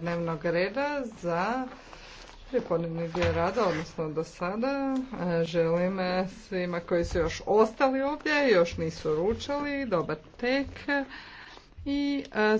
dnevnog reda za prijepodnevni dio rada, odnosno do sada. E, želim e, svima koji su još ostali ovdje, još nisu ručali, dobar tek. I e,